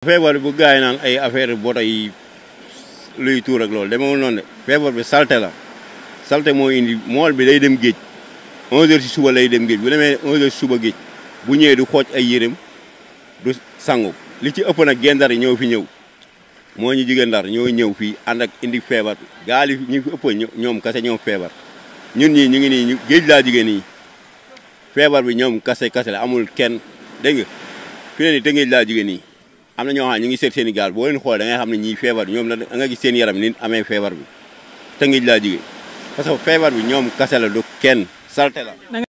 feebar bu gars yi naan ay affaire bota yi luy tuur ak loolu demewul noonu feebar bi salte la salte moo indi mool bi day dem géej 11h si suba lay dem géej bu demee 11h si suba géej bu ñëwee du xooj ay yérem du sangu li ci ëpp nag gendar yi ñëw fi ñëw moo ñu jigéen ndar ñoo ñëw fii ànd ak indi feebar gaal yi ñu fi ëpp ñoom kase ñoom feebar ñun ñii ñu ngi nii géej laa jigéen ñi feebar bi ñoom kase kase la amul kenn dégg nga fi ne nii te géej laa jigéen ñi. am na ñoo xam ne ñu ngi seen i boo leen xoolee da ngay xam ne feebar bi ñoom la da nga gis seen yaram nit amee feebar bi tëngij laa jóge parce que feebar bi ñoom kase la du kenn salte la